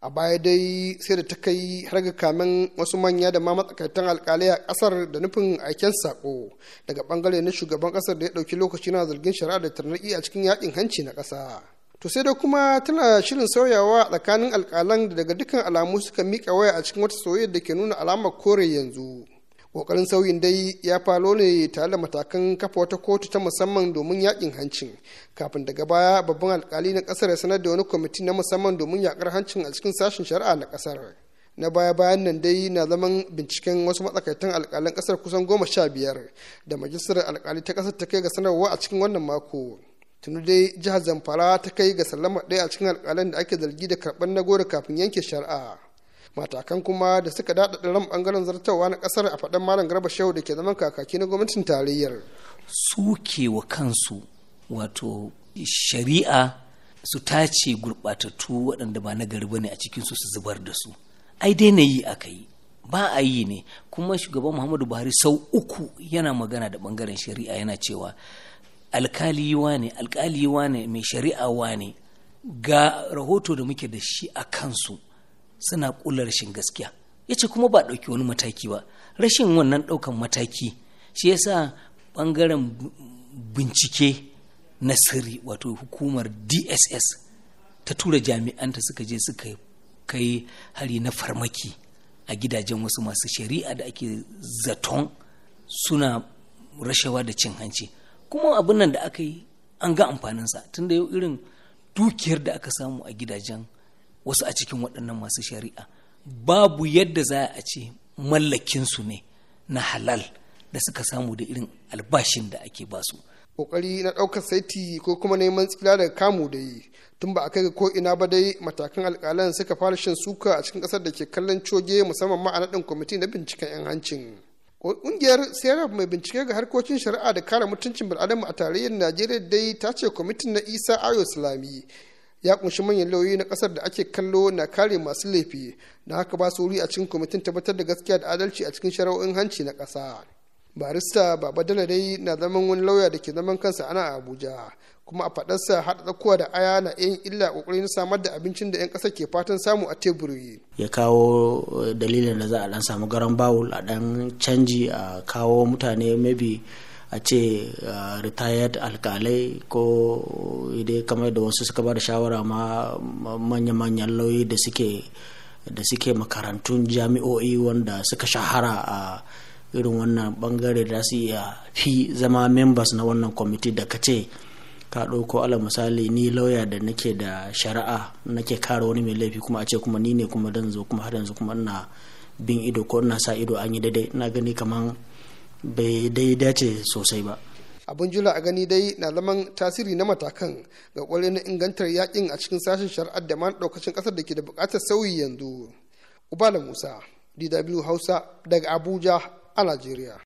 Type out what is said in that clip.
a baya dai sai da ta kai har ga kamen wasu manya da ma matsakaitan alkalai a kasar da nufin aiken sako daga bangare na shugaban kasar da ya dauki lokaci na zargin shari'a da tarnaki a cikin yakin hanci na kasa to sai da kuma tana shirin sauyawa tsakanin alkalan da daga dukkan alamu suka mika waya a cikin wata soyayya da ke nuna alamar kore yanzu kokarin sauyin dai ya falo ne tare da matakan kafa wata kotu ta musamman domin yakin hancin kafin daga baya babban alkali na kasar ya sanar da wani kwamiti na musamman domin yakar hancin a cikin sashen shari'a na kasar na baya bayan nan dai na zaman binciken wasu matsakaitan alkalan kasar kusan goma sha biyar da majalisar alkali ta kasar ta kai ga sanarwa a cikin wannan mako tunu dai jihar zamfara ta kai ga sallama ɗaya a cikin alkalan da ake zargi da karɓar na goro kafin yanke shari'a matakan kuma da suka daɗaɗa ran ɓangaren zartawa na ƙasar a faɗan malam garba shehu da ke zaman kakaki na gwamnatin tarayyar suke wa kansu wato shari'a su tace gurɓatattu waɗanda ba na gari ba ne a cikinsu su zubar da su ai dai na yi aka yi ba a yi ne kuma shugaban muhammadu buhari sau uku yana magana da ɓangaren shari'a yana cewa alkali ne alkali ne mai shari'a ne ga rahoto da muke da shi a kansu suna ƙula rashin gaskiya ya ce kuma ba ɗauki wani mataki ba rashin wannan ɗaukan mataki shi ya sa ɓangaren bincike na sirri wato hukumar dss ta tura jami'anta suka je suka kai hari na farmaki a gidajen wasu masu shari'a da ake zaton suna rashawa da cin hanci kuma abin nan da aka yi an ga amfaninsa tunda yau irin dukiyar da aka samu a gidajen wasu a cikin waɗannan masu shari'a babu yadda za a ce mallakinsu ne na halal da suka samu da irin albashin da ake basu. Ƙoƙari na ɗaukar saiti ko kuma neman tsira daga kamu da yi tun ba a kai ko ina ba dai matakan alƙalan suka fara shan suka a cikin ƙasar da ke kallon coge musamman ma a naɗin kwamiti na binciken 'yan hancin ƙungiyar serap mai bincike ga harkokin shari'a da kare mutuncin bil'adama a tarayyar najeriya dai ta ce kwamitin na isa ayo Salami ya kunshi manyan lauyoyi na kasar da ake kallo na kare masu laifi na haka ba su wuri a cikin kwamitin tabbatar da gaskiya da adalci a cikin shari'o'in hanci na ƙasa barista baba dai na zaman wani lauya da ke zaman kansa ana abuja kuma a faɗarsa haɗa tsakuwa da aya na yin illa ƙoƙarin samar da abincin da 'yan ƙasa ke fatan samu a teburi ya kawo eh, dalilin da za a ɗan samu garan bawul a ɗan canji a kawo mutane mabi. a ce ah, retired alkalai ko dai kamar da wasu suka ba da shawara ma manya-manyan lauyi da suke da makarantun jami'o'i wanda suka shahara a irin wannan bangare da su iya fi zama members na wannan kwamiti da ka ce ka ɗauko ala misali ni lauya da nake da shari'a nake kare wani mai laifi kuma a ce kuma ni ne kuma dan zo kuma har yanzu kuma ina bin ido ko ina sa ido an yi daidai na gani kamar bai dai dace sosai ba abin jula a gani dai na laman tasiri na matakan ga kwarai na ingantar yakin a cikin sashen shari'ar da ma daukacin kasar da ke da bukatar sauyi yanzu ubala musa dw hausa daga abuja a najeriya